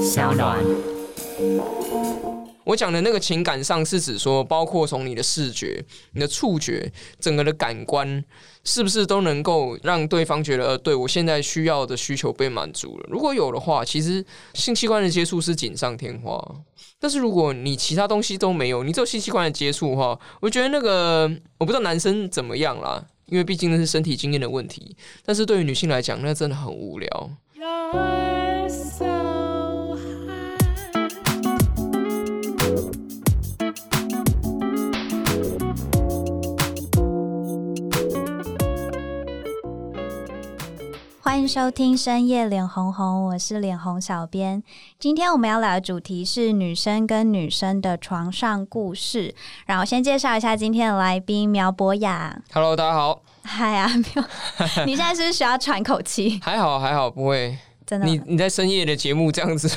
小暖。我講的那個情感上是指說，包括從你的視覺、你的觸覺，整個的感官，是不是都能夠讓對方覺得，呃，對我現在需要的需求被滿足了？如果有的話，其實性器官的接觸是錦上添花。但是如果你其他東西都沒有，你只有性器官的接觸的話，我覺得那個我不知道男生怎麼樣啦，因為畢竟那是身體經驗的問題。但是對於女性來講，那真的很無聊。歡迎收聽深夜臉紅紅，我是臉紅小編。今天我們要聊的主題是女生跟女生的床上故事。然後先介紹一下今天的來賓苗博雅。Hello，大家好。嗨啊，苗， 你現在是不是需要喘口氣？ 還好，還好，不會。真的，你你在深夜的節目這樣子，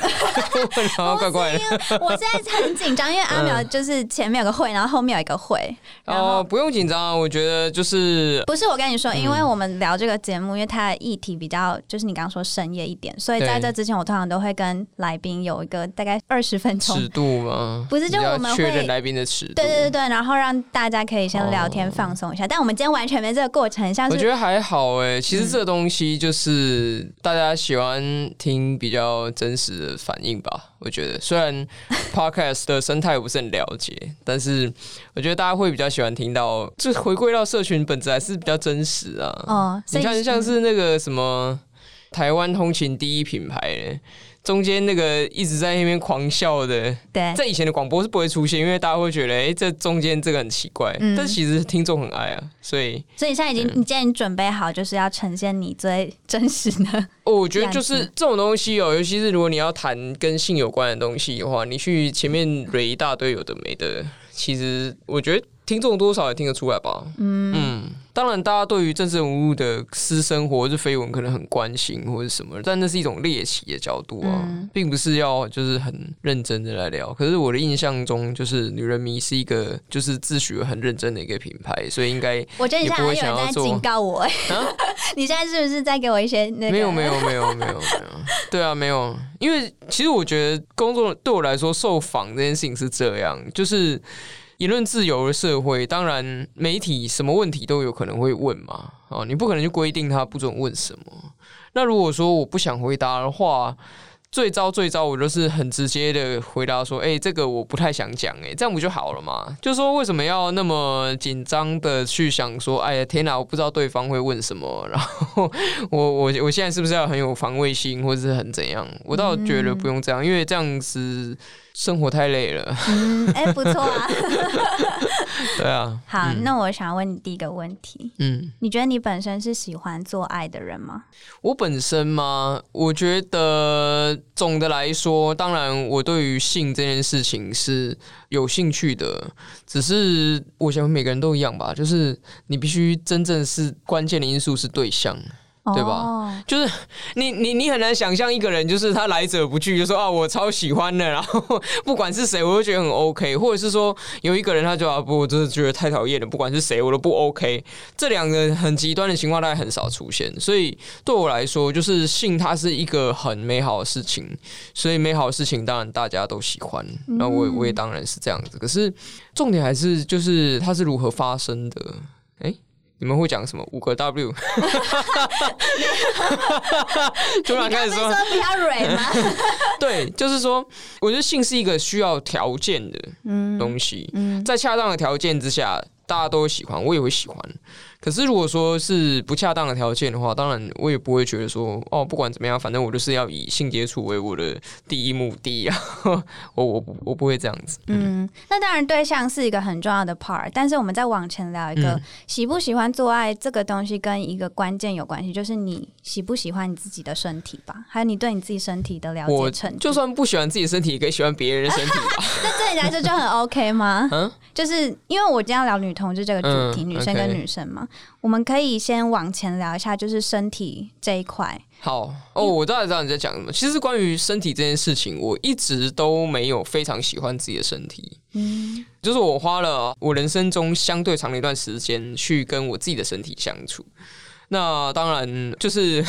好 怪怪的。我現在很緊張，因為阿苗就是前面有個會，然後後面有一個會。哦，不用緊張，我覺得就是，不是，我跟你說，因為我們聊這個節目，因為它的議題比較就是你剛剛說深夜一點，所以在這之前，我通常都會跟來賓有一個大概二十分鐘尺度嗎？不是，就我們確認來賓的尺，對對對對，然後讓大家可以先聊天放鬆一下。但我們今天完全沒這個過程，像是我覺得還好哎、欸，其實這個東西就是大家喜歡。嗯，聽比較真實的反應吧。我覺得雖然 Podcast 的生態不是很了解， 但是我覺得大家會比較喜歡聽到，就回歸到社群本質還是比較真實啊。啊、哦，你看像是那個什麼台灣通勤第一品牌欸。中間那個一直在那邊狂笑的，對，在以前的廣播是不會出現，因為大家會覺得，哎、欸，這中間這個很奇怪。嗯、但其實聽眾很愛啊，所以所以現在已經，嗯、你既然你準備好，就是要呈現你最真實的。哦，我覺得就是這種東西哦，尤其是如果你要談跟性有關的東西的話，你去前面壘一大堆有的沒的，其實我覺得聽眾多少也聽得出來吧。嗯嗯。嗯當然，大家對於政治人物的私生活或者緋聞可能很關心或者什麼，但那是一種獵奇的角度啊，嗯、並不是要就是很認真的來聊。可是我的印象中，就是女人迷是一個就是自詡很認真的一個品牌，所以應該……我覺得你現在不會想要，就很像有人在警告我、欸，哎蛤， 你現在是不是在給我一些、那個？沒有，沒有，沒有，沒有，沒有。對啊，沒有，因為其實我覺得工作對我來說受訪、so、這件事情是這樣，就是。言論自由的社會，當然媒體什麼問題都有可能會問嘛。哦，你不可能就規定他不准問什麼。那如果說我不想回答的話，最糟最糟，我就是很直接的回答說：“哎、欸，這個我不太想講。”誒，這樣不就好了嘛？就是說，為什麼要那麼緊張的去想說：“哎呀，天哪，我不知道對方會問什麼。”然後我我我現在是不是要很有防衛心，或者是很怎樣？我倒覺得不用這樣，因為這樣子。生活太累了。嗯，哎、欸，不錯啊。 對啊。好，嗯、那我想問你第一個問題。嗯。你覺得你本身是喜歡做愛的人嗎？我本身嗎？我覺得總的來說，當然，我對於性這件事情是有興趣的。只是我想每個人都一樣吧，就是你必須真正是關鍵的因素是對象。對吧？Oh. 就是你你你很難想象一個人，就是他來者不拒，就說啊，我超喜歡的，然後不管是誰，我都覺得很 OK。或者是說有一個人，他就啊，不，我真的覺得太討厭了，不管是誰，我都不 OK。這兩個很極端的情況，大概很少出現。所以對我來說，就是性，它是一個很美好的事情，所以美好的事情當然大家都喜歡。那我也我也當然是這樣子。可是重點還是就是，它是如何發生的？誒、欸。你們會講什麼五個 W？突然開始說 對，就是說，我覺得性是一個需要條件的東西，在恰當的條件之下，大家都喜歡，我也會喜歡。可是，如果說是不恰當的條件的話，當然我也不會覺得說哦，不管怎麼樣，反正我就是要以性接觸為我的第一目的啊！我我我不會這樣子。嗯，嗯，那當然對象是一個很重要的 part，但是我們再往前聊一個，嗯、喜不喜歡做愛這個東西，跟一個關鍵有關係，就是你喜不喜歡你自己的身體吧？還有你對你自己身體的了解程度。就算不喜歡自己身體，也可以喜歡別人的身體吧。 那對你來說就很 OK 嗎？嗯、就是因為我今天要聊女同志這個主題，嗯、女生跟女生嘛。我們可以先往前聊一下，就是身體這一塊。好哦，我大概知道你在講什麼。其實關於身體這件事情，我一直都沒有非常喜歡自己的身體。嗯，就是我花了我人生中相對長的一段時間去跟我自己的身體相處。那當然，就是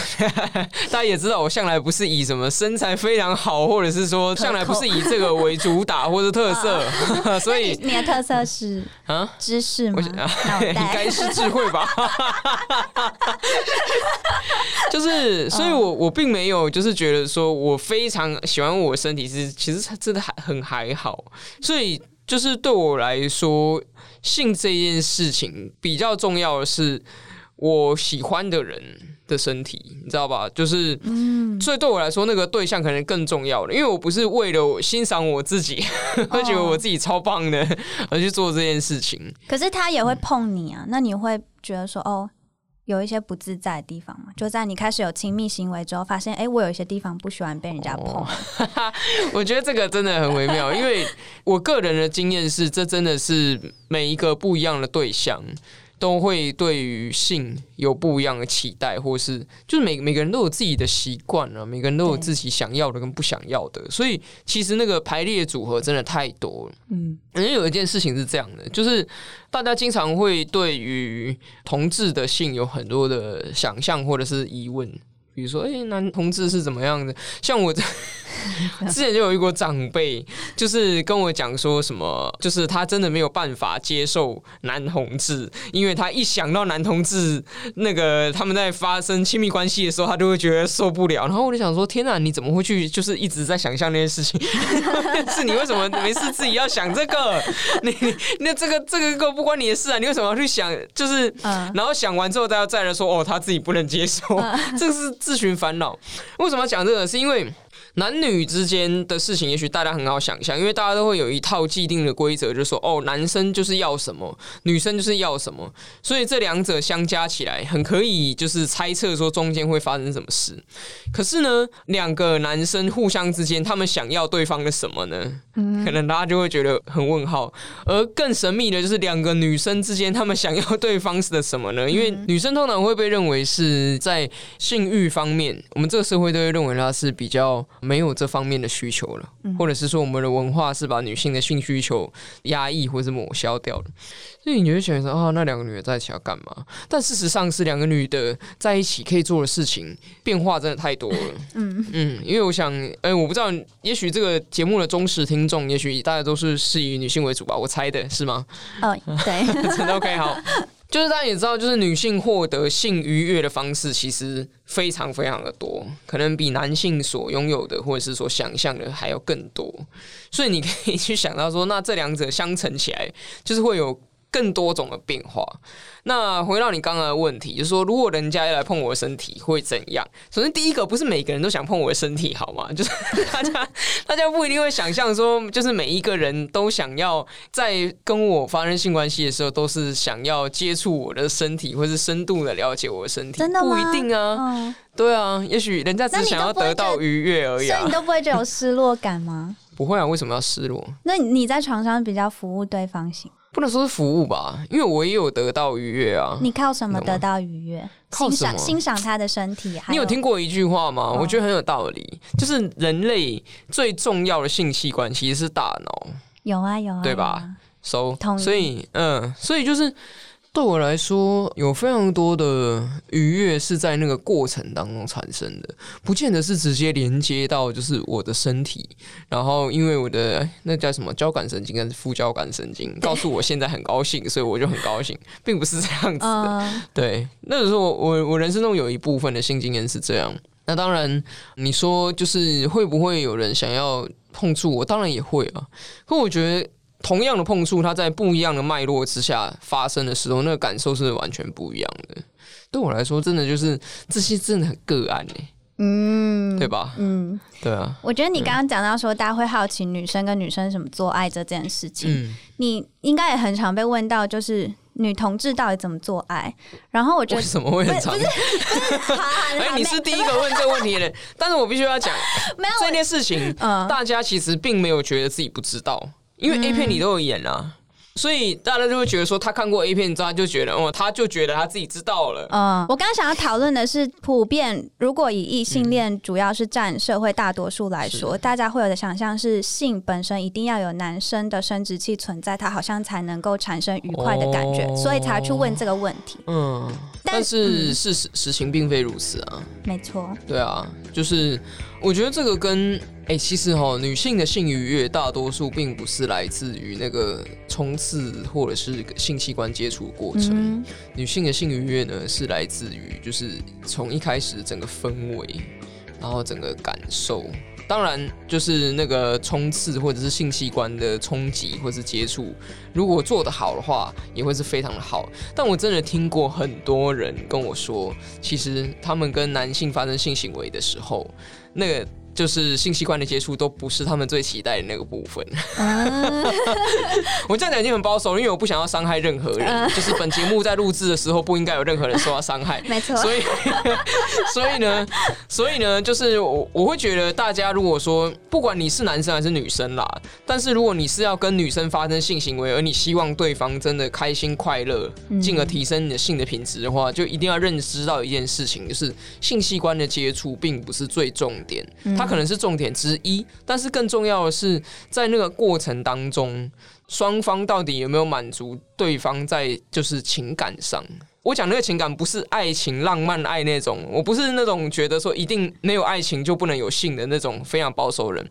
大家也知道，我向來不是以什麼身材非常好，或者是說向來不是以這個為主打或者特色，特偷 所以你，你的特色是啊，知識嗎？我想應該是智慧吧。 就是，所以我我並沒有就是覺得說我非常喜歡我身體是，其實真的還很還好。所以，就是對我來說，性這件事情比較重要的是。我喜歡的人的身體，你知道吧？就是，嗯、所以對我來說，那個對象可能更重要了，因為我不是為了欣賞我自己，會、哦、覺得我自己超棒的而去做這件事情。可是他也會碰你啊，嗯、那你會覺得說，哦，有一些不自在的地方嘛？就在你開始有親密行為之後，發現，哎、欸，我有一些地方不喜歡被人家碰。哦、 我覺得這個真的很微妙， 因為我個人的經驗是，這真的是每一個不一樣的對象都會對於性有不一樣的期待，或是就是每每個人都有自己的習慣啊。每個人都有自己想要的跟不想要的，對所以其實那個排列組合真的太多了。嗯，因為有一件事情是這樣的，就是大家經常會對於同志的性有很多的想象或者是疑問。比如說，哎，男同志是怎麼樣的？像我這之前就有一個長輩，就是跟我講說什麼，就是他真的沒有辦法接受男同志，因為他一想到男同志那個他們在發生親密關係的時候，他就會覺得受不了。然後我就想說，天哪，你怎麼會去就是一直在想象那些事情？ 是你為什麼沒事自己要想這個？你那這個這個不關你的事啊，你為什麼要去想？就是然後想完之後，再又再來說，哦，他自己不能接受，這是。自尋煩惱，為什麼要講這個？是因為。男女之間的事情，也許大家很好想象，因為大家都會有一套既定的規則，就是說，哦，男生就是要什麼，女生就是要什麼，所以這兩者相加起來，很可以就是猜測說中間會發生什麼事。可是呢，兩個男生互相之間，他們想要對方的什麼呢？可能大家就會覺得很問號。而更神秘的就是兩個女生之間，他們想要對方的什麼呢？因為女生通常會被認為是在性欲方面，我們這個社會都會認為她是比較。沒有這方面的需求了，嗯、或者是說我們的文化是把女性的性需求壓抑或者抹消掉了，所以你會想說啊，那兩個女的在一起要幹嘛？但事實上是兩個女的在一起可以做的事情變化真的太多了。嗯嗯，因為我想，哎、欸，我不知道，也許這個節目的忠實聽眾，也許大家都是是以女性為主吧，我猜的是嗎？哦，對， 真的 OK 好。就是大家也知道，就是女性獲得性愉悅的方式其實非常非常的多，可能比男性所擁有的或者是所想象的還要更多，所以你可以去想到說，那這兩者相乘起來，就是會有。更多種的變化。那回到你剛剛的問題，就是說，如果人家要來碰我的身體，會怎樣？首先，第一個不是每個人都想碰我的身體，好嗎？就是大家， 大家不一定會想象說，就是每一個人都想要在跟我發生性關係的時候，都是想要接觸我的身體，或是深度的了解我的身體，真的嗎？不一定啊。哦、對啊，也許人家只想要得到愉悅而已、啊，所以你都不會，都不會有失落感嗎？ 不會啊，為什麼要失落？那你在床上比較服務對方型？不能說是服務吧，因為我也有得到愉悅啊。你靠什麼得到愉悅，嗯？欣賞欣賞他的身體。你有聽過一句話嗎？有我覺得很有道理，哦、就是人類最重要的性器官其實是大腦。有啊有啊，有啊有啊，對吧？So, 意所以所以嗯，所以就是。對我來說，有非常多的愉悅是在那個過程當中產生的，不見得是直接連接到就是我的身體。然後，因為我的那叫什麼交感神經跟副交感神經告訴我現在很高興，所以我就很高興， 並不是這樣子的。對，那個時候我我我人生中有一部分的性經驗是這樣。那當然，你說就是會不會有人想要碰觸我？我當然也會啊。可我覺得。同樣的碰觸，它在不一樣的脈絡之下發生的時候，那個感受是完全不一樣的。對我來說，真的就是這些真的很個案呢。嗯，對吧？嗯，對啊。我覺得你剛剛講到說，大家會好奇女生跟女生怎麼做愛這件事情，你應該也很常被問到，就是女同志到底怎麼做愛？然後我覺得，為什麼會很常？哎，你是第一個問這個問題的人，但是我必須要講，沒有這件事情，大家其實並沒有覺得自己不知道。因為 A 片裡都有演啊，嗯、所以大家就會覺得說他看過 A 片，之後他就覺得，哦，他就覺得他自己知道了。嗯，我剛剛想要討論的是，普遍如果以異性戀主要是佔社會大多數來說，嗯、大家會有的想象是，性本身一定要有男生的生殖器存在，他好像才能夠產生愉快的感覺，哦、所以才去問這個問題。嗯，但是事實、嗯、實情並非如此啊。沒錯。對啊，就是。我覺得這個跟哎、欸，其實哈，女性的性愉悅大多數並不是來自於那個衝刺或者是性器官接觸的過程。嗯嗯女性的性愉悅呢，是來自於就是從一開始整個氛圍，然後整個感受。當然，就是那個衝刺或者是性器官的衝擊或是接觸，如果做得好的話，也會是非常的好。但我真的聽過很多人跟我說，其實他們跟男性發生性行為的時候。那個。就是性器官的接觸都不是他們最期待的那個部分、啊。 我這樣講已經很保守了，因為我不想要傷害任何人。啊、就是本節目在錄制的時候不應該有任何人受到傷害。啊、沒錯。所以， 所以呢，所以呢，就是我我會覺得大家如果說不管你是男生還是女生啦，但是如果你是要跟女生發生性行為，而你希望對方真的開心快樂，進而提升你的性的品質的話，嗯、就一定要認識到一件事情，就是性器官的接觸並不是最重點。嗯。它可能是重點之一，但是更重要的是，在那個過程當中，雙方到底有沒有滿足對方在就是情感上，我講那個情感不是愛情、浪漫愛那種，我不是那種覺得說一定沒有愛情就不能有性的那種非常保守人。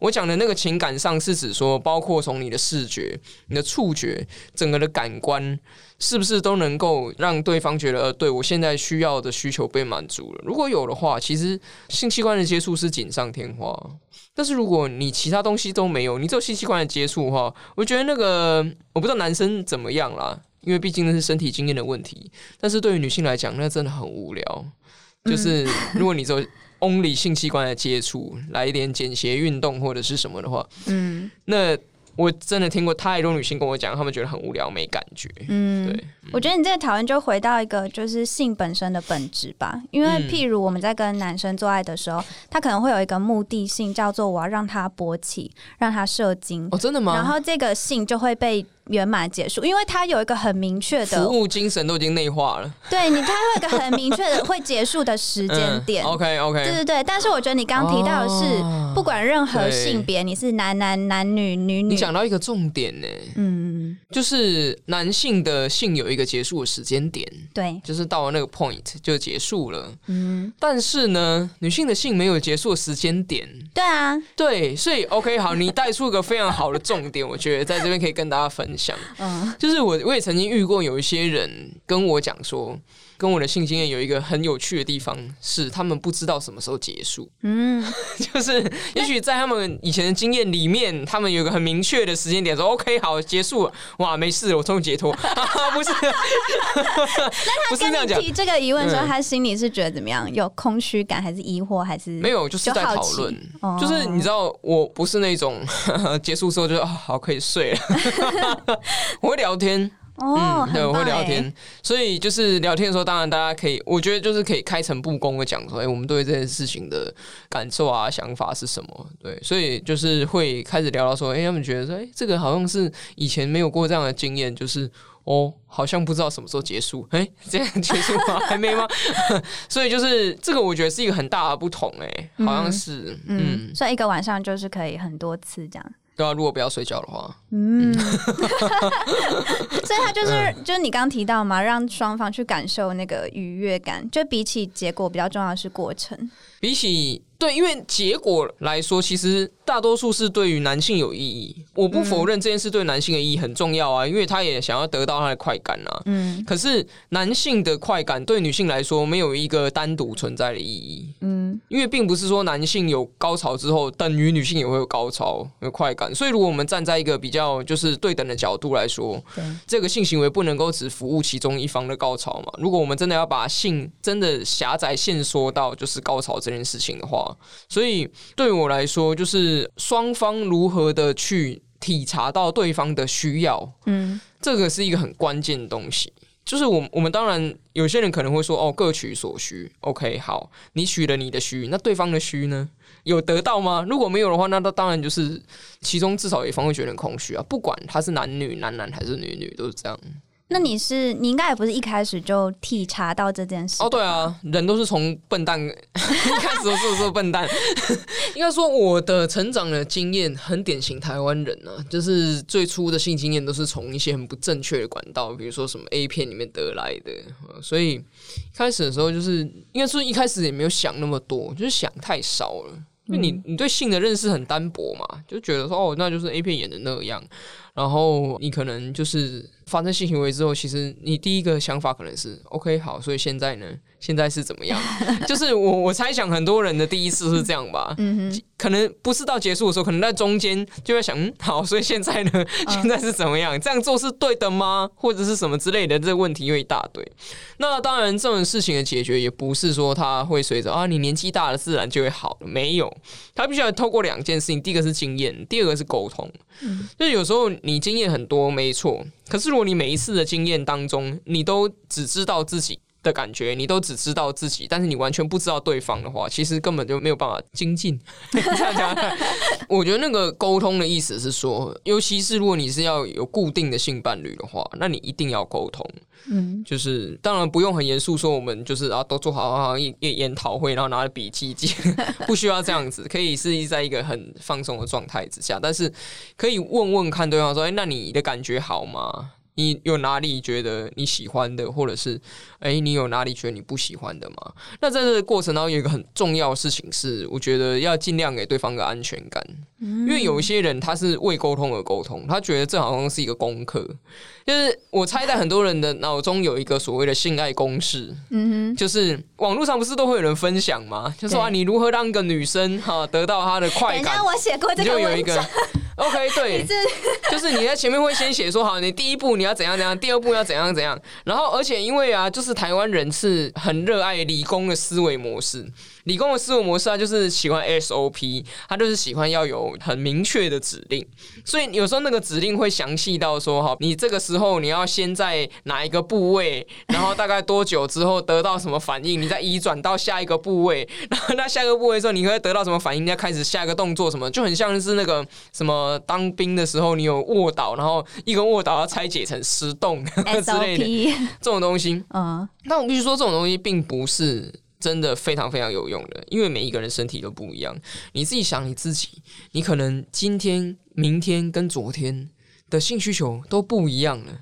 我講的那個情感上是指說，包括從你的視覺、你的觸覺、整個的感官。是不是都能夠讓對方覺得呃，對，我現在需要的需求被滿足了？如果有的話，其實性器官的接觸是錦上添花。但是如果你其他東西都沒有，你只有性器官的接觸哈，我覺得那個，我不知道男生怎麼樣啦，因為畢竟那是身體經驗的問題。但是對於女性來講，那真的很無聊。嗯、就是如果你只有 only 性器官的接觸，來一點簡鞋簡諧運動或者是什麼的話，嗯，那。我真的聽過太多女性跟我講，她們覺得很無聊、沒感覺。嗯，對，嗯、我覺得你這個討論就回到一個就是性本身的本質吧，因為譬如我們在跟男生做愛的時候，嗯、他可能會有一個目的性，叫做我要讓他勃起、讓他射精。哦，真的嗎？然後這個性就會被。圓滿結束，因為他有一個很明確的服務精神，都已經內化了。對，你他會有一個很明確的會結束的時間點。OK，OK，對對對。但是我覺得你剛剛提到的是，哦、不管任何性別，對你是男男、男女、女女，你講到一個重點呢、欸。嗯。就是男性的性有一個結束的時間點，對，就是到了那個 point 就結束了。嗯，但是呢，女性的性沒有結束的時間點。對啊，對，所以 OK，好，你帶出一個非常好的重點，我覺得在這邊可以跟大家分享。嗯， 就是我我也曾經遇過有一些人跟我講說。跟我的性經驗有一個很有趣的地方是，他們不知道什麼時候結束。嗯， 就是也許在他們以前的經驗裡面，他們有一個很明確的時間點，說 “OK，好，結束了，哇，沒事，我終於解脫。”啊，不是。 那他跟他提這個疑問的時候，他心裡是覺得怎麼樣？有空虛感，還是疑惑，還是沒有？就是在討論。就是你知道，我不是那種 結束之後就啊，好可以睡了。 我會聊天，哦，嗯欸、對，我會聊天，所以就是聊天的時候，當然大家可以，我覺得就是可以開誠布公的講說，哎、欸，我們對這件事情的感受啊、想法是什麼？對，所以就是會開始聊到說，哎、欸，他們覺得說，哎、欸，這個好像是以前沒有過這樣的經驗，就是哦，好像不知道什麼時候結束，哎、欸，這樣結束嗎？ 還沒嗎？ 所以就是這個，我覺得是一個很大的不同，欸，哎，好像是，嗯，所以，嗯，一個晚上就是可以很多次這樣。就要，如果不要睡覺的話，嗯，所以他就是就是你剛剛提到嘛，讓雙方去感受那個愉悅感，就比起結果比較重要的是過程。比起對，因為結果來說，其實大多數是對於男性有意義。我不否認這件事對男性的意義很重要啊，因為他也想要得到他的快感啊。嗯，可是男性的快感對女性來說沒有一個單獨存在的意義。嗯。嗯因為並不是說男性有高潮之後，等於女性也會有高潮、有快感。所以，如果我們站在一個比較就是對等的角度來說，嗯，這個性行為不能夠只服務其中一方的高潮嘛。如果我們真的要把性真的狹窄限縮到就是高潮這件事情的話，所以對我來說，就是雙方如何的去體察到對方的需要，嗯，這個是一個很關鍵的東西。就是我，我們當然有些人可能會說，哦，各取所需，OK，好，你取了你的需，那對方的需呢？有得到嗎？如果沒有的話，那他當然就是其中至少有一方會覺得空虛啊，不管他是男女、男男還是女女，都是這樣。那你是，你應該也不是一開始就體察到這件事？哦，對啊，人都是從笨蛋開始，就是笨蛋？應該說，我的成長的經驗很典型，台灣人呢、啊，就是最初的性經驗都是從一些很不正確的管道，比如說什麼 A 片裡面得來的。所以一開始的時候，就是應該說一開始也沒有想那麼多，就是想太少了。就你你對性的認識很單薄嘛，就覺得說哦，那就是 A 片演的那個樣。然後你可能就是。發生性行為之後，其實你第一個想法可能是 “OK，好”，所以現在呢，現在是怎麼樣？ 就是我我猜想很多人的第一次是這樣吧， 嗯哼，可能不是到結束的時候，可能在中間就會想，嗯，好，所以現在呢，現在是怎麼樣？Uh. 這樣做是對的嗎？或者是什麼之類的？這個、問題又一大堆。那當然，這種事情的解決也不是說它會隨着啊，你年紀大了自然就會好了。沒有，他必須要透過兩件事情：第一個是經驗，第二個是溝通。嗯、就是有時候你經驗很多，沒錯。可是，如果你每一次的經驗當中，你都只知道自己的感覺，你都只知道自己，但是你完全不知道對方的話，其實根本就沒有辦法精進。呵呵 我覺得那個溝通的意思是說，尤其是如果你是要有固定的性伴侶的話，那你一定要溝通。嗯，就是當然不用很嚴肅，說我們就是啊，都做好好好，一一研研研討會，然後拿了筆記記，不需要這樣子，可以是在一個很放鬆的狀態之下，但是可以問問看對方說，欸，那你的感覺好嗎？你有哪裡覺得你喜歡的，或者是哎、欸，你有哪裡覺得你不喜歡的嗎？那在這個過程當中，有一個很重要的事情是，我覺得要盡量給對方個安全感，嗯、哼因為有一些人他是為溝通而溝通，他覺得這好像是一個功課。就是我猜在很多人的腦中有一個所謂的性愛公式，嗯哼，就是網絡上不是都會有人分享嗎？就是、說啊，對你如何讓一個女生哈、啊、得到她的快感？等一下我寫過這個文章。OK，對，就是你在前面會先寫說好，你第一步你要怎樣怎樣，第二步要怎樣怎樣，然後而且因為啊，就是台灣人是很熱愛理工的思維模式。理工的思維模式啊，就是喜歡 SOP，他就是喜歡要有很明確的指令，所以有時候那個指令會詳細到說哈，你這個時候你要先在哪一個部位，然後大概多久之後得到什麼反應， 你再移轉到下一個部位，然後那下個部位的時候你會得到什麼反應，再開始下一個動作什麼，就很像是那個什麼當兵的時候，你有臥倒，然後一個臥倒要拆解成十動 LP 之類的這種東西。啊。Uh. 那我必須說，這種東西並不是。真的非常非常有用的，因為每一個人身體都不一樣，你自己想你自己，你可能今天、明天跟昨天的性需求都不一樣了。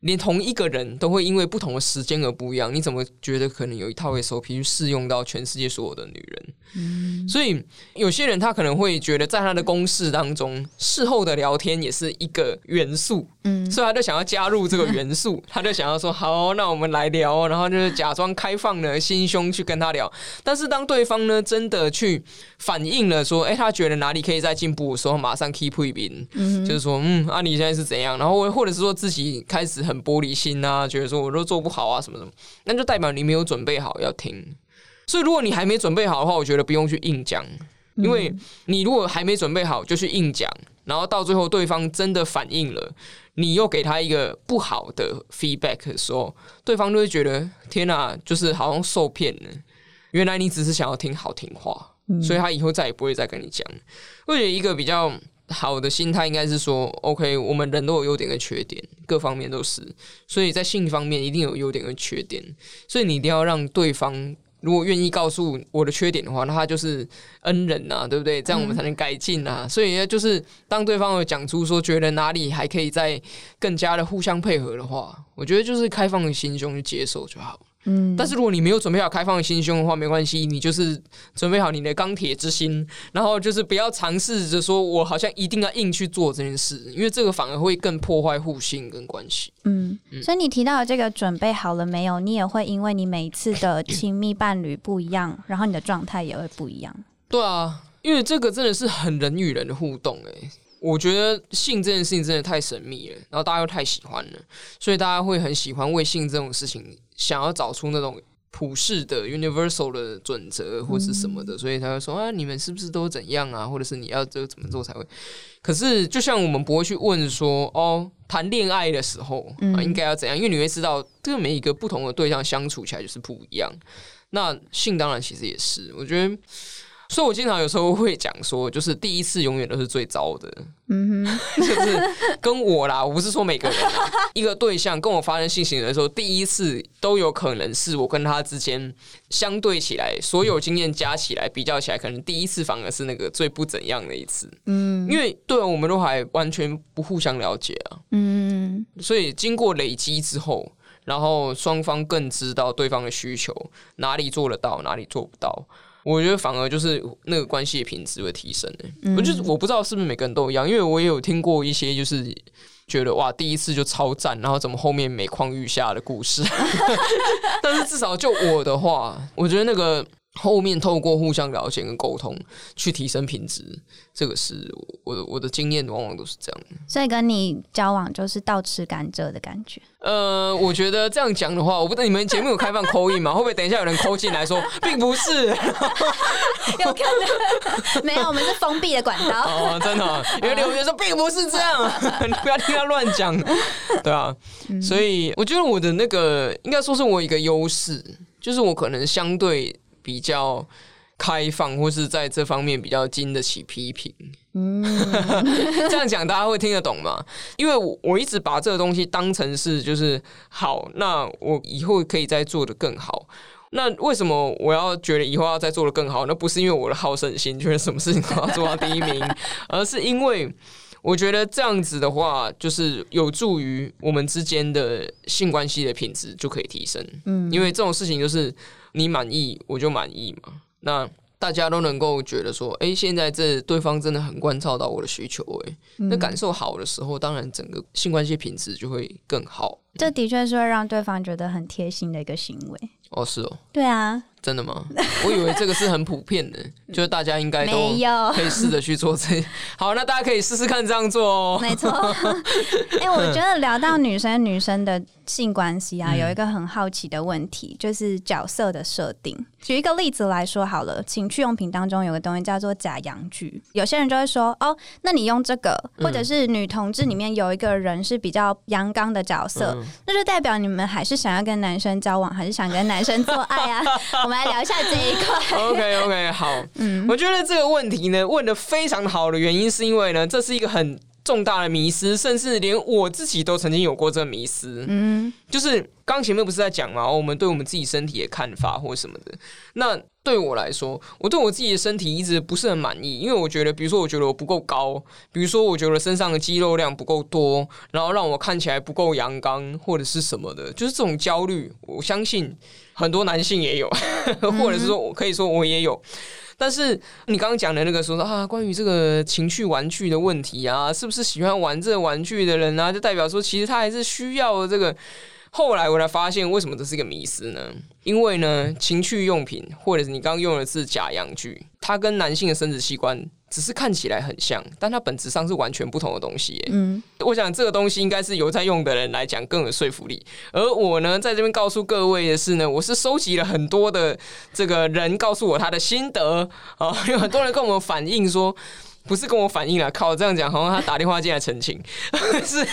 連同一個人都會因為不同的時間而不一樣，你怎麼覺得可能有一套 SOP 去適用到全世界所有的女人？所以有些人他可能會覺得在他的公式當中，事後的聊天也是一個元素，嗯，所以他就想要加入這個元素，他就想要說好，那我們來聊，然後就是假裝開放的心胸去跟他聊。但是當對方呢真的去反映了說，哎、欸，他覺得哪裡可以再進步的時候，馬上 keep in，、嗯、就是說嗯，阿、啊、你現在是怎樣？然後或者是說自己開始。很玻璃心啊，覺得說我都做不好啊，什麼什麼，那就代表你沒有準備好要聽。所以，如果你還沒準備好的話，我覺得不用去硬講，因為你如果還沒準備好就去硬講，然後到最後對方真的反應了，你又給他一個不好的 feedback 的時候，對方就會覺得天哪、啊，就是好像受騙了。原來你只是想要聽好聽話，所以他以後再也不會再跟你講。或者一個比較。好的心態應該是說，OK，我們人都有優點跟缺點，各方面都是，所以在性方面一定有優點跟缺點，所以你一定要讓對方，如果願意告訴我的缺點的話，那他就是恩人吶，啊，對不對？這樣我們才能改進啊。嗯，所以就是當對方有講出說覺得哪裡還可以再更加的互相配合的話，我覺得就是開放的心胸去接受就好嗯，但是如果你沒有準備好開放的心胸的話，沒關係，你就是準備好你的鋼鐵之心，然後就是不要嘗試着說我好像一定要硬去做這件事，因為這個反而會更破壞互信跟關係。嗯，嗯，所以你提到的這個準備好了沒有，你也會因為你每一次的親密伴侶不一樣， 然後你的狀態也會不一樣。對啊，因為這個真的是很人與人的互動哎、欸。我覺得性這件事情真的太神秘了，然後大家又太喜歡了，所以大家會很喜歡為性這種事情想要找出那種普世的 universal 的準則或是什麼的，所以他會說啊，你們是不是都怎樣啊？或者是你要這個怎麼做才會？可是就像我們不會去問說哦，談戀愛的時候啊，應該要怎樣？因為你會知道，這個每一個不同的對象相處起來就是不一樣。那性當然其實也是，我覺得。所以，我經常有時候會講說，就是第一次永遠都是最糟的、mm。嗯、hmm.， 就是跟我啦，我不是說每個人啦 一個對象跟我發生性行為的時候，第一次都有可能是我跟他之間相對起來，所有經驗加起來比較起來，可能第一次反而是那個最不怎樣的一次。嗯、mm，hmm. 因為對我們都還完全不互相了解啊。嗯、mm，hmm. 所以經過累積之後，然後雙方更知道對方的需求，哪裡做得到，哪裡做不到。我覺得反而就是那個關係的品質會提升誒、欸，嗯、我就是我不知道是不是每個人都一樣，因為我也有聽過一些就是覺得哇，第一次就超贊，然後怎麼後面每況愈下的故事， 但是至少就我的話，我覺得那個。後面透過互相了解跟溝通去提升品質，這個是我的我的經驗，往往都是這樣。所以跟你交往就是倒吃甘蔗的感覺。呃，對我覺得這樣講的話，我不，你們節目有開放 call in 嗎？ 會不會等一下有人 call 進來說， 並不是？ 有可能 沒有，我們是封閉的管道。 哦，真的、哦，有留言說並不是這樣， 你不要聽他亂講。對啊，嗯、所以我覺得我的那個應該說是我一個優勢，就是我可能相對。比較開放，或是在這方面比較經得起批評。嗯、 這樣講，大家會聽得懂嗎？因為我一直把這個東西當成是，就是好。那我以後可以再做得更好。那為什麼我要覺得以後要再做得更好？那不是因為我的好勝心，覺得什麼事情都要做到第一名， 而是因為我覺得這樣子的話，就是有助於我們之間的性關係的品質就可以提升。嗯，因為這種事情就是。你滿意我就滿意嘛，那大家都能夠覺得說，誒、欸，現在這對方真的很關照到我的需求、欸，誒、嗯，那感受好的時候，當然整個性關係品質就會更好。嗯、這的確是會讓對方覺得很貼心的一個行為哦，是哦，對啊。真的嗎？我以為這個是很普遍的， 就是大家應該都可以試着去做這。好，那大家可以試試看這樣做哦。沒錯。哎、欸，我覺得聊到女生女生的性關係啊，嗯、有一個很好奇的問題，就是角色的設定。舉一個例子來說好了，情趣用品當中有個東西叫做假陽具，有些人就會說哦，那你用這個，或者是女同志裡面有一個人是比較陽剛的角色，嗯、那就代表你們還是想要跟男生交往，還是想跟男生做愛啊？我們。 我來聊一下這一塊。OK，OK，okay, okay, 好。嗯，我覺得這個問題呢問得，非常好的原因，是因為呢這是一個很重大的迷思，甚至連我自己都曾經有過這個迷思。嗯，就是剛前面不是在講嘛，我們對我們自己身體的看法或什麼的。那對我來說，我對我自己的身體一直不是很滿意，因為我覺得，比如說，我覺得我不夠高，比如說，我覺得身上的肌肉量不夠多，然後讓我看起來不夠陽剛或者是什麼的，就是這種焦慮。我相信。很多男性也有，或者是說我，我、嗯、哼可以說我也有。但是你剛剛講的那個說啊，關於這個情趣玩具的問題啊，是不是喜歡玩這玩具的人啊，就代表說，其實他還是需要這個。後來我才發現，為什麼這是一個迷思呢？因為呢，情趣用品，或者是你剛剛用的是假陽具，它跟男性的生殖器官只是看起來很像，但它本質上是完全不同的東西。嗯，我想這個東西應該是有在用的人來講更有說服力。而我呢，在這邊告訴各位的是呢，我是收集了很多的這個人告訴我他的心得，啊，有很多人跟我們反映說。不是跟我反映啊，靠，這樣講好像他打電話進來澄清，是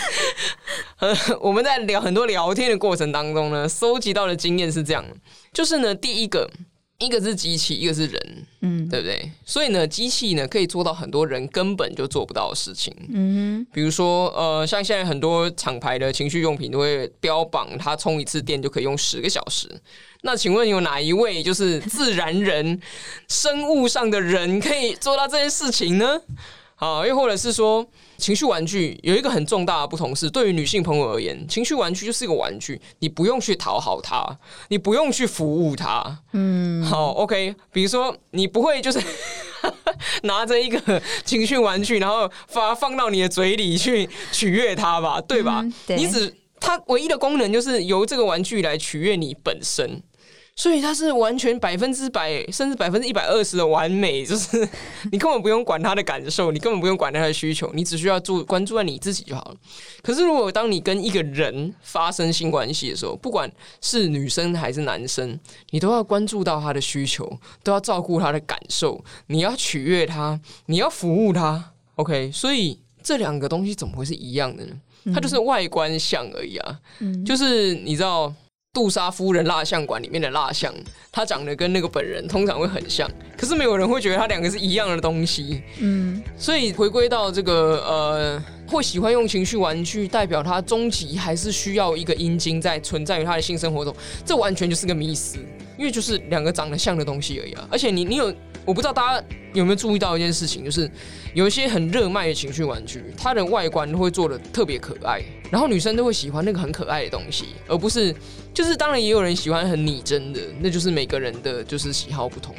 呃，我們在聊很多聊天的過程當中呢，蒐集到的經驗是這樣，就是呢，第一個。一個是機器，一個是人，嗯，對不對？所以呢，機器呢可以做到很多人根本就做不到的事情，嗯哼，比如說呃，像現在很多廠牌的情趣用品都會標榜它充一次電就可以用十個小時，那請問有哪一位就是自然人、 生物上的人可以做到這件事情呢？好，又或者是說。情趣玩具有一個很重大的不同是，對於女性朋友而言，情趣玩具就是一個玩具，你不用去討好它，你不用去服務它。嗯，好，OK。比如說，你不會就是 拿着一個情趣玩具，然後放到你的嘴裡去取悅它吧？對吧？你只它唯一的功能就是由這個玩具來取悅你本身。所以他是完全百分之百，甚至百分之一百二十的完美，就是你根本不用管他的感受，你根本不用管他的需求，你只需要注關注在你自己就好了。可是，如果當你跟一個人發生性關係的時候，不管是女生還是男生，你都要關注到他的需求，都要照顧他的感受，你要取悅他，你要服務他。OK，所以這兩個東西怎麼會是一樣的呢？它就是外觀像而已啊，嗯，就是你知道。杜莎夫人蠟像館裡面的蠟像，它長得跟那個本人通常會很像，可是沒有人會覺得它兩個是一樣的東西。嗯，所以回歸到這個呃，會喜歡用情趣玩具代表他，終極還是需要一個陰莖在存在於他的性生活中，這完全就是個迷思，因為就是兩個長得像的東西而已啊。而且你你有我不知道大家有沒有注意到一件事情，就是有一些很熱賣的情趣玩具，它的外觀都會做得特別可愛，然後女生都會喜歡那個很可愛的東西，而不是。就是當然也有人喜歡很擬真的，那就是每個人的就是喜好不同。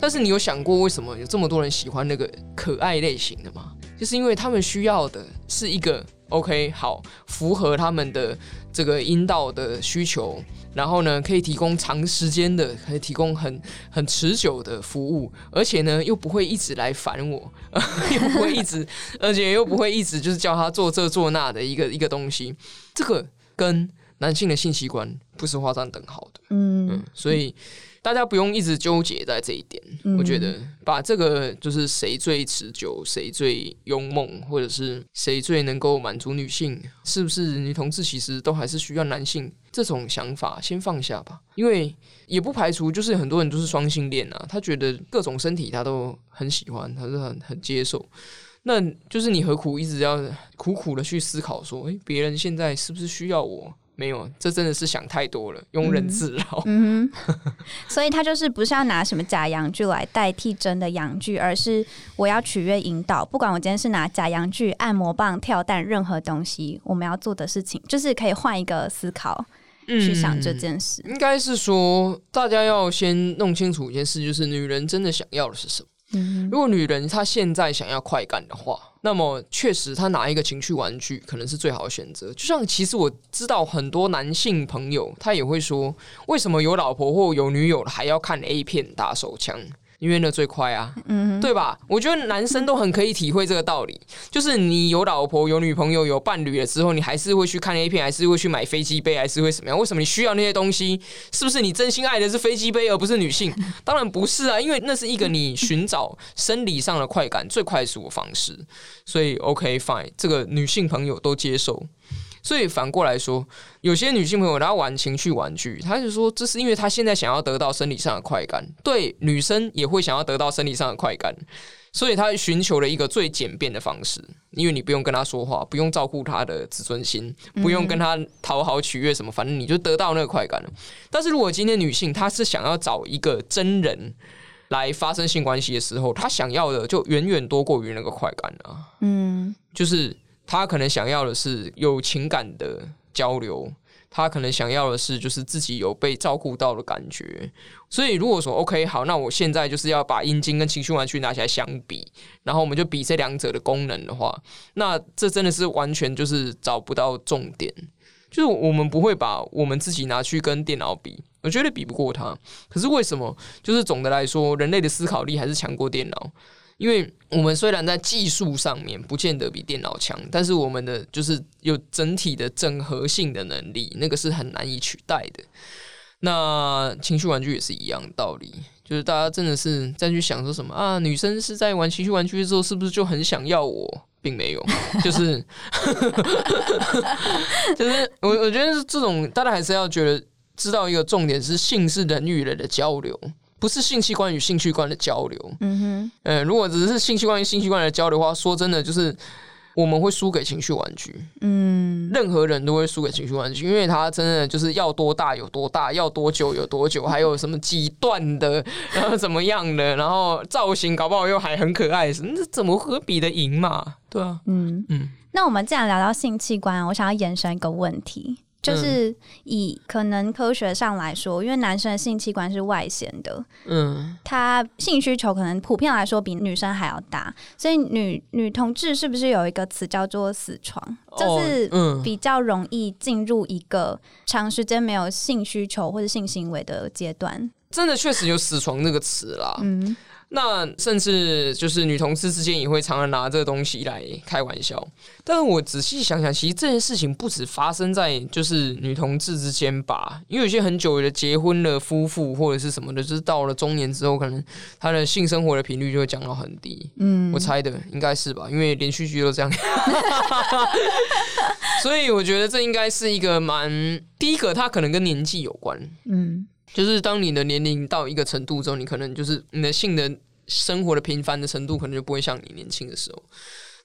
但是你有想過為什麼有這麼多人喜歡那個可愛類型的嗎？就是因為他們需要的是一個 OK 好，符合他們的這個陰道的需求，然後呢，可以提供長時間的，可以提供很很持久的服務，而且呢又不會一直來煩我， 又不會一直，而且又不會一直就是叫他做這做那的一個一個東西。這個跟男性的性器官不是畫上等號的，嗯，所以大家不用一直糾結在這一點。嗯，我覺得把這個就是誰最持久、誰最勇猛，或者是誰最能夠滿足女性，是不是女同志其實都還是需要男性這種想法先放下吧。因為也不排除就是很多人都是雙性戀啊，他覺得各種身體他都很喜歡，他是很很接受。那就是你何苦一直要苦苦的去思考說，誒，別人現在是不是需要我？沒有，這真的是想太多了，庸人自擾，嗯。嗯，所以他就是不是要拿什麼假陽具來代替真的陽具，而是我要取悅引導。不管我今天是拿假陽具、按摩棒、跳蛋任何東西，我們要做的事情就是可以換一個思考、嗯、去想這件事。應該是說，大家要先弄清楚一件事，就是女人真的想要的是什麼。嗯、哼如果女人她現在想要快感的話。那麼，確實，他拿一個情趣玩具可能是最好的選擇。就像，其實我知道很多男性朋友，他也會說，為什麼有老婆或有女友了，還要看 A 片打手槍？因為那最快啊，嗯，對吧？我覺得男生都很可以體會這個道理，就是你有老婆、有女朋友、有伴侶了之後，你還是會去看 A 片，還是會去買飛機杯，還是會什麼樣？為什麼你需要那些東西？是不是你真心愛的是飛機杯，而不是女性？當然不是啊，因為那是一個你尋找生理上的快感最快速的方式，所以 OK fine，這個女性朋友都接受。所以反過來說，有些女性朋友她玩情趣玩具，她就說這是因為她現在想要得到生理上的快感。對，女生也會想要得到生理上的快感，所以她尋求了一個最簡便的方式，因為你不用跟她說話，不用照顧她的自尊心，不用跟她討好取悅什麼，嗯、反正你就得到那個快感了。但是如果今天女性她是想要找一個真人來發生性關係的時候，她想要的就遠遠多過於那個快感啊。嗯，就是。他可能想要的是有情感的交流，他可能想要的是就是自己有被照顧到的感覺。所以如果說 OK 好，那我現在就是要把陰莖跟情趣玩具拿起來相比，然後我們就比這兩者的功能的話，那這真的是完全就是找不到重點。就是我們不會把我們自己拿去跟電腦比，我絕對比不過它。可是為什麼？就是總的來說，人類的思考力還是強過電腦。因為我們雖然在技術上面不見得比電腦強，但是我們的就是有整體的整合性的能力，那個是很難以取代的。那情趣玩具也是一樣的道理，就是大家真的是在去想說什麼啊，女生是在玩情趣玩具之後是不是就很想要我，並沒有，就是， 就是我我覺得這種大家還是要覺得知道一個重點是性是人與人的交流。不是性器官與性器官的交流，嗯哼嗯，如果只是性器官與性器官的交流的話，說真的，就是我們會輸給情趣玩具，嗯，任何人都會輸給情趣玩具，因為它真的就是要多大有多大，要多久有多久，還有什麼幾段的，嗯、然後怎麼樣的，然後造型搞不好又還很可愛， 那怎麼可比得贏嘛？對啊，嗯嗯，嗯那我們既然聊到性器官，我想要延伸一個問題。就是以可能科學上來說，因為男生的性器官是外顯的，嗯，他性需求可能普遍來說比女生還要大，所以女女同志是不是有一個詞叫做“死床”？哦，就是比較容易進入一個長時間沒有性需求或者性行為的階段。真的確實有“死床”那個詞啦。嗯。那甚至就是女同事之間也會常常拿這個東西來開玩笑。但我仔細想想，其實這件事情不止發生在就是女同志之間吧，因為有些很久的結婚的夫婦或者是什麼的，就是到了中年之後，可能他的性生活的頻率就會降到很低。嗯，我猜的應該是吧，因為連續劇都這樣。 所以我覺得這應該是一個蠻第一個，他可能跟年紀有關。嗯。就是當你的年齡到一個程度之後，你可能就是你的性的生活的頻繁的程度，可能就不會像你年輕的時候。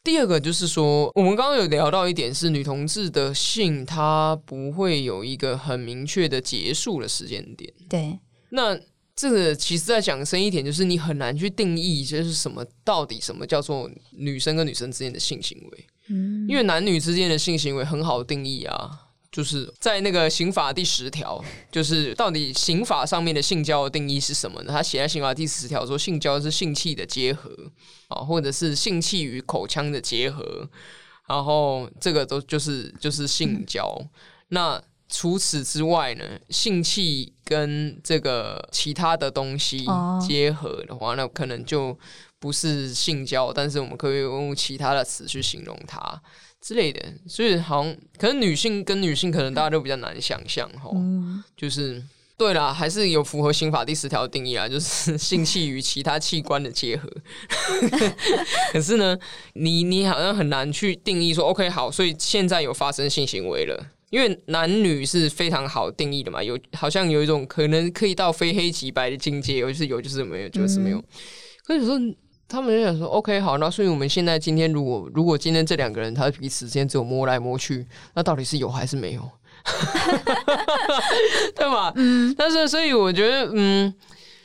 第二個就是說，我們剛剛有聊到一點是女同志的性，它不會有一個很明確的結束的時間點。對，那這個其實在講深一點，就是你很難去定義就是什麼到底什麼叫做女生跟女生之間的性行為，嗯、因為男女之間的性行為很好定義啊。就是在那個刑法第十條，就是到底刑法上面的性交的定義是什麼呢？他寫在刑法第十條說，性交是性器的結合啊，或者是性器與口腔的結合，然後這個都就是就是性交。那除此之外呢，性器跟這個其他的東西結合的話，那可能就不是性交，但是我們可，可以用其他的詞去形容它。之類的，所以好像可能女性跟女性可能大家都比較難想象齁，嗯、就是對啦，還是有符合刑法第十條的定義啊，就是性器與其他器官的結合。嗯、 可是呢，你你好像很難去定義說，OK，好，所以現在有發生性行為了，因為男女是非常好定義的嘛，有好像有一種可能可以到非黑即白的境界，有就是有，就是沒有，就是沒有。嗯、可是他們就想說，OK，好，那所以我們現在今天，如果如果今天這兩個人他彼此之間只有摸來摸去，那到底是有還是沒有？ 對吧？嗯。但是，所以我覺得，嗯，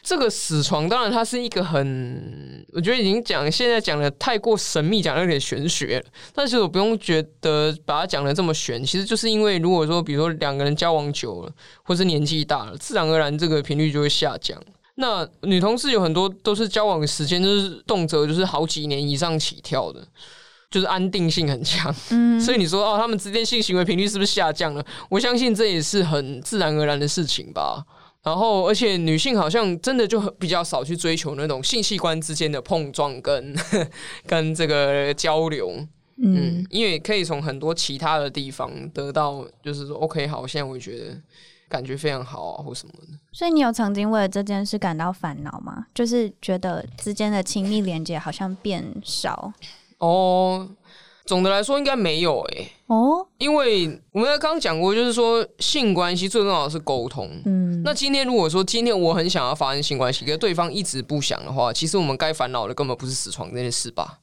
這個死床當然它是一個很，我覺得已經講現在講的太過神秘，講的有點玄學。但是我不用覺得把它講的這麼玄，其實就是因為如果說比如說兩個人交往久了，或是年紀大了，自然而然這個頻率就會下降。那女同志有很多都是交往的時間就是動輒就是好幾年以上起跳的，就是安定性很強。嗯，所以你說哦，他們之間性行為頻率是不是下降了？我相信這也是很自然而然的事情吧。然後，而且女性好像真的就比較少去追求那種性器官之間的碰撞跟跟這個交流。嗯，嗯，因為可以從很多其他的地方得到，就是說 OK，好，現在我覺得。感覺非常好啊，或什麼的。所以你有曾經為了這件事感到煩惱嗎？就是覺得之間的親密連接好像變少。哦，總的來說應該沒有誒、欸。哦，因為我們剛剛講過，就是說性關係最重要的是溝通。嗯。那今天如果說今天我很想要發生性關係，可是對方一直不想的話，其實我們該煩惱的根本不是死床這件事吧？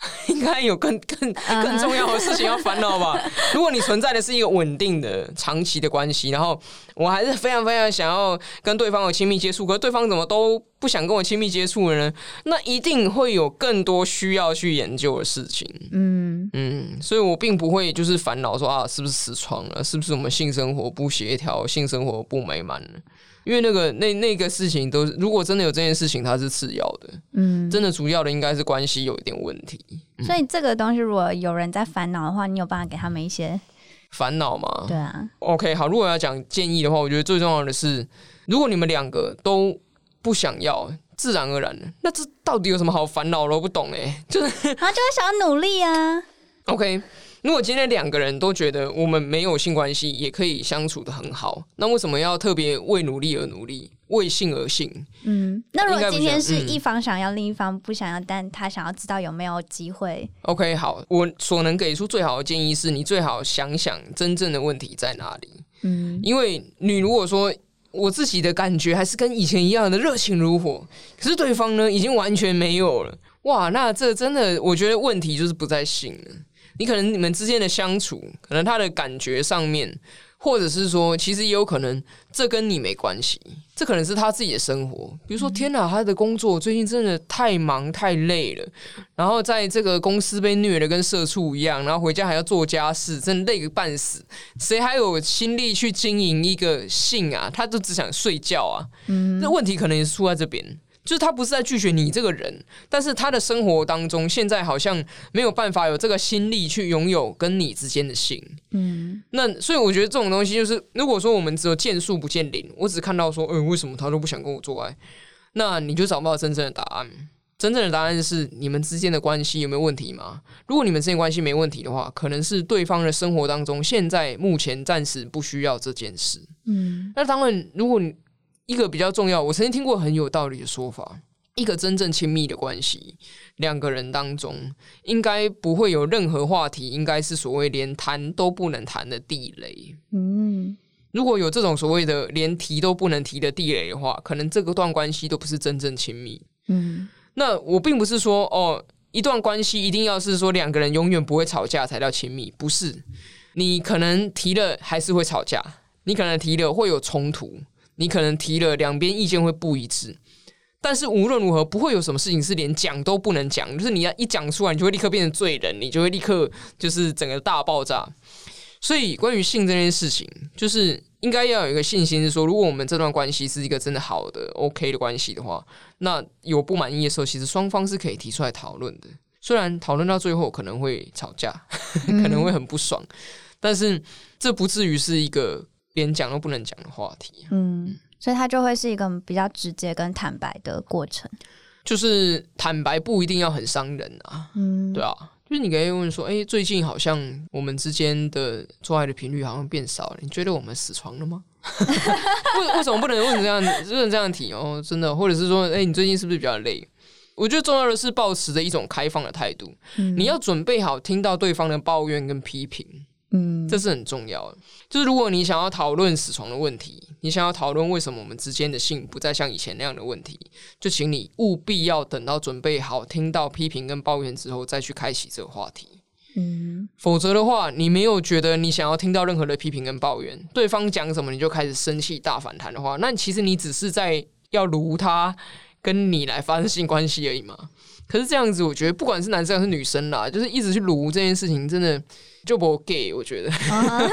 應該有更更更重要的事情要煩惱吧？Uh huh. 如果你存在的是一個穩定的長期的關係，然後我還是非常非常想要跟對方有親密接觸，可是對方怎麼都不想跟我親密接觸呢？那一定會有更多需要去研究的事情。嗯、mm. 嗯，所以我並不會就是煩惱說啊，是不是死床了？是不是我們性生活不協調？性生活不美滿因為那個那那個事情都，如果真的有這件事情，它是次要的，嗯，真的主要的應該是關係有一點問題。嗯、所以這個東西如果有人在煩惱的話，你有辦法給他們一些煩惱嗎？對啊。OK，好，如果要講建議的話，我覺得最重要的是，如果你們兩個都不想要，自然而然的，那這到底有什麼好煩惱的？我不懂哎、欸，就是、啊，然後就是想要努力啊。OK。如果今天兩個人都覺得我們沒有性關係也可以相處得很好，那為什麼要特別為努力而努力，為性而性？嗯，那如果今天是一方想要，嗯、另一方不想要，但他想要知道有沒有機會？OK，好，我所能給出最好的建議是，你最好想想真正的問題在哪裡。嗯，因為你如果說我自己的感覺還是跟以前一樣的熱情如火，可是對方呢已經完全沒有了，哇，那這真的我覺得問題就是不在性了。你可能你們之間的相處，可能他的感覺上面，或者是說，其實也有可能這跟你沒關係，這可能是他自己的生活。比如說，天哪，啊，他的工作最近真的太忙太累了，然後在這個公司被虐的跟社畜一樣，然後回家還要做家事，真的累個半死，誰還有心力去經營一個性啊？他都只想睡覺啊。嗯，那問題可能也是出在這邊。就是他不是在拒絕你這個人，但是他的生活當中現在好像沒有辦法有這個心力去擁有跟你之間的性。嗯，那所以我覺得這種東西就是，如果說我們只有見樹不見林，我只看到說，嗯、欸，為什麼他都不想跟我做愛？那你就找不到真正的答案。真正的答案是，你們之間的關係有沒有問題嗎？如果你們之間關係沒問題的話，可能是對方的生活當中現在目前暫時不需要這件事。嗯，那當然，如果你。一個比較重要，我曾經聽過很有道理的說法，一個真正親密的關係，兩個人當中應該不會有任何話題，應該是所謂連談都不能談的地雷。嗯，如果有這種所謂的連提都不能提的地雷的話，可能這個段關係都不是真正親密。嗯，那我並不是說哦，一段關係一定要是說兩個人永遠不會吵架才叫親密，不是，你可能提了還是會吵架，你可能提了會有衝突。你可能提了兩邊意見會不一致，但是無論如何不會有什麼事情是連講都不能講，就是你要一講出來，你就會立刻變成罪人，你就會立刻就是整個大爆炸。所以關於性這件事情，就是應該要有一個信心，是說如果我們這段關係是一個真的好的 OK 的關係的話，那有不滿意的時候，其實雙方是可以提出來討論的。雖然討論到最後可能會吵架，嗯、 可能會很不爽，但是這不至於是一個連講都不能講的話題，嗯，嗯，所以它就會是一個比較直接跟坦白的過程，就是坦白不一定要很傷人啊，嗯，對啊，就是你可以問說，哎、欸，最近好像我們之間的做愛的頻率好像變少了，你覺得我們死床了嗎？為 為什麼不能問這樣， 不能這樣提哦？真的，或者是說，哎、欸，你最近是不是比較累？我覺得重要的是保持着一種開放的態度，嗯、你要準備好聽到對方的抱怨跟批評。嗯，這是很重要的。就是如果你想要討論死床的問題，你想要討論為什麼我們之間的性不再像以前那樣的問題，就請你務必要等到準備好聽到批評跟抱怨之後再去開啟這個話題。嗯，否則的話，你沒有覺得你想要聽到任何的批評跟抱怨，對方講什麼你就開始生氣大反彈的話，那其實你只是在要盧他跟你來發生性關係而已嘛。可是這樣子，我覺得不管是男生還是女生啦，就是一直去盧這件事情，真的。就不 gay，我覺得，啊，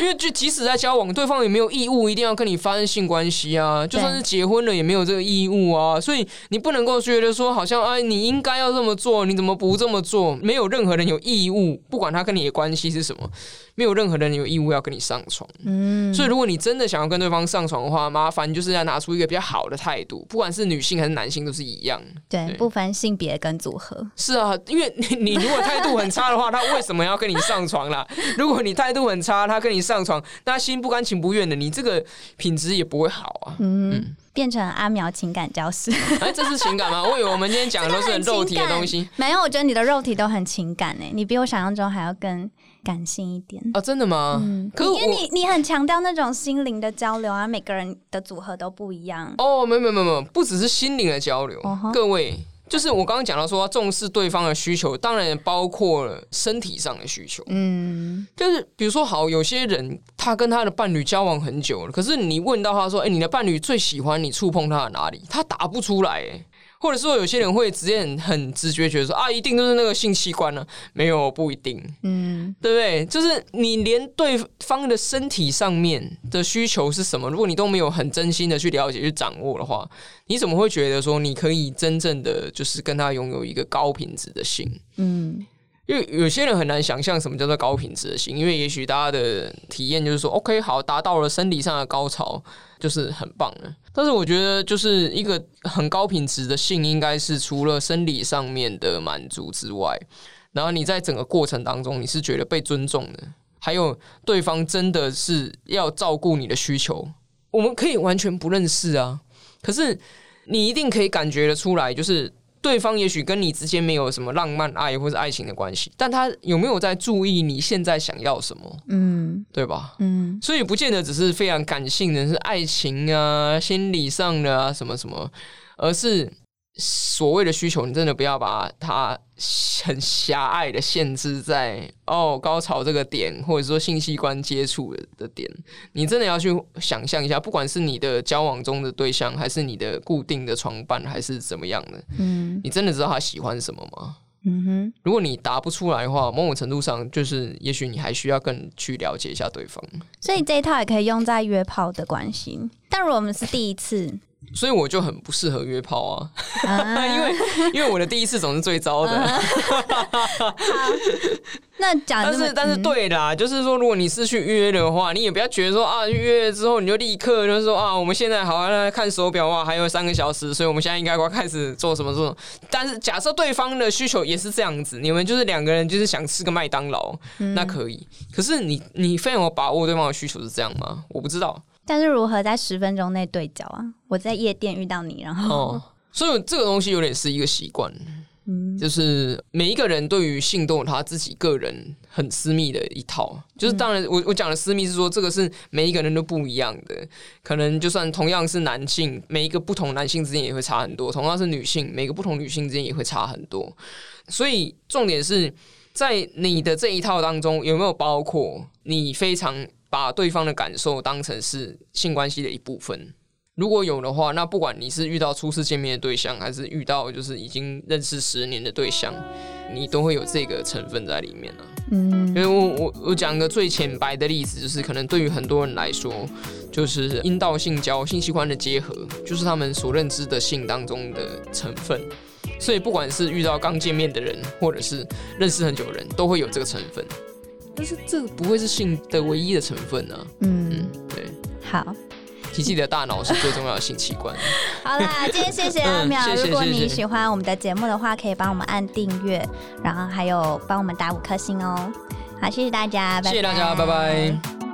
因為就即使在交往，對方也沒有義務一定要跟你發生性關係啊。就算是結婚了，也沒有這個義務啊。所以你不能夠覺得說，好像哎你應該要這麼做，你怎麼不這麼做？沒有任何人有義務，不管他跟你的關係是什麼，沒有任何人有義務要跟你上床。嗯，所以如果你真的想要跟對方上床的話，麻煩就是要拿出一個比較好的態度，不管是女性還是男性都是一樣。對，對 不分性別跟組合。是啊，因為你你如果態度很差的話，他為什麼要？ 跟你上床啦，如果你態度很差，他跟你上床，那心不甘情不願的，你這個品質也不會好啊。嗯，嗯，變成阿苗情感教室。 哎，這是情感嗎？我以為我們今天講的都是很肉體的東西。沒有，我覺得你的肉體都很情感誒，你比我想象中還要更感性一點啊？真的嗎？嗯，可是你我你很強調那種心靈的交流啊，每個人的組合都不一樣。哦，沒有沒有沒有，不只是心靈的交流，uh huh. 各位。就是我剛剛講到說重視對方的需求，當然也包括了身體上的需求。嗯，就是比如說，好，有些人他跟他的伴侶交往很久了，可是你問到他說：“哎，你的伴侶最喜歡你觸碰他的哪裡？”他答不出來，欸。或者說有些人會直接很直覺覺得說啊，一定都是那個性器官呢？啊，沒有不一定，嗯，對不對？就是你連對方的身體上面的需求是什麼，如果你都沒有很真心的去了解、去掌握的話，你怎麼會覺得說你可以真正的就是跟他擁有一個高品質的性？嗯。因為有些人很難想象什麼叫做高品質的性，因為也許大家的體驗就是說，OK，好，達到了生理上的高潮就是很棒的。但是我覺得，就是一個很高品質的性，應該是除了生理上面的滿足之外，然後你在整個過程當中，你是覺得被尊重的，還有對方真的是要照顧你的需求。我們可以完全不認識啊，可是你一定可以感覺得出來，就是。對方也許跟你之間沒有什麼浪漫愛或者愛情的關係，但他有沒有在注意你現在想要什麼？嗯，對吧？嗯，所以不見得只是非常感性的是愛情啊、心理上的啊什麼什麼，而是。所謂的需求，你真的不要把它很狹隘的限制在哦高潮這個點，或者說性器官接觸的點。你真的要去想象一下，不管是你的交往中的對象，還是你的固定的床伴，還是怎麼樣的，嗯，你真的知道他喜歡什麼嗎？嗯哼，如果你答不出來的話，某種程度上就是，也許你還需要更去了解一下對方。所以這一套也可以用在約炮的關係，但如果我們是第一次。 所以我就很不適合約炮啊，因為因為我的第一次總是最糟的。那假但是，但是對啦，就是說，如果你是去約的話，你也不要覺得說啊，預約之後你就立刻就是說啊，我們現在好，啊，像看手錶啊，還有三個小時，所以我們現在應該快開始做什麼做什麼。但是假設對方的需求也是這樣子，你們就是兩個人就是想吃個麥當勞，嗯、那可以。可是你你非常有把握對方的需求是這樣嗎？我不知道。但是如何在十分鐘內對焦啊？我在夜店遇到你，然後哦，所以這個東西有點是一個習慣，嗯，就是每一個人對於性都有他自己個人很私密的一套。就是當然我，我我講的私密是說，這個是每一個人都不一樣的。可能就算同樣是男性，每一個不同男性之間也會差很多；同樣是女性，每個不同女性之間也會差很多。所以重點是在你的這一套當中，有沒有包括你非常把對方的感受當成是性關係的一部分，如果有的話，那不管你是遇到初次見面的對象，還是遇到就是已經認識十年的對象，你都會有這個成分在裡面啊。嗯，因為我我我講個最淺白的例子，就是可能對於很多人來說，就是陰道性交、性器官的結合，就是他們所認知的性當中的成分。所以不管是遇到剛見面的人，或者是認識很久的人，都會有這個成分。就是這不會是性的唯一的成分呢、啊。嗯，嗯對。好，其實你的大腦是最重要的性器官。 好啦，今天謝謝阿苗。嗯、如果你喜歡我們的節目的話，可以幫我們按訂閱，然後還有幫我們打五顆星哦、喔。好，謝謝大家，謝謝大家，拜拜。拜拜。